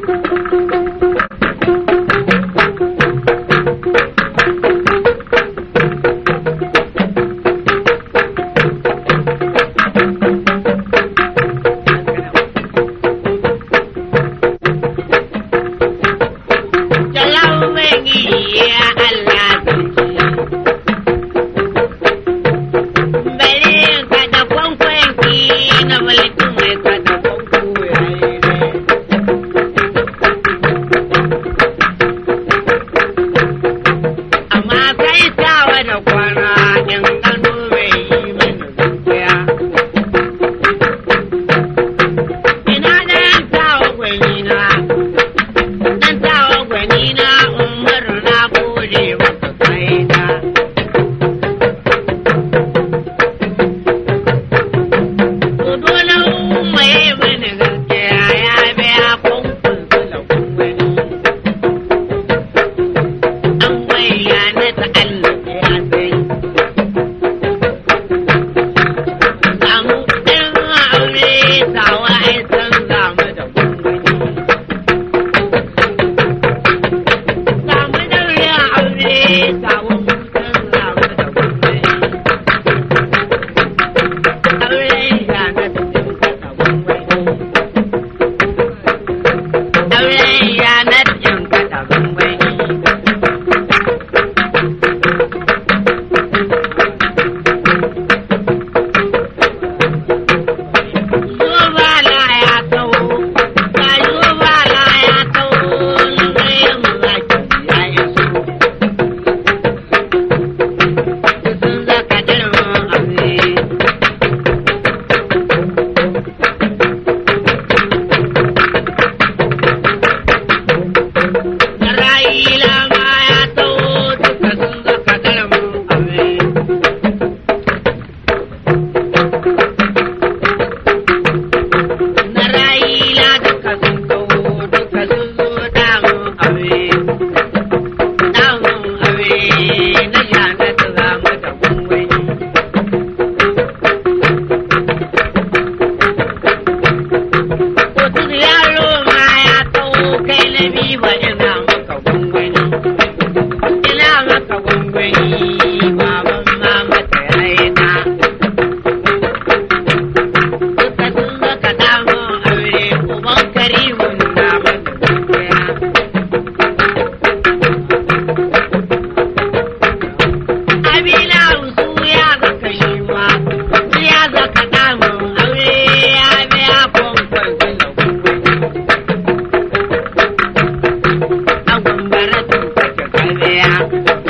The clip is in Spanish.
Gracias. 呀。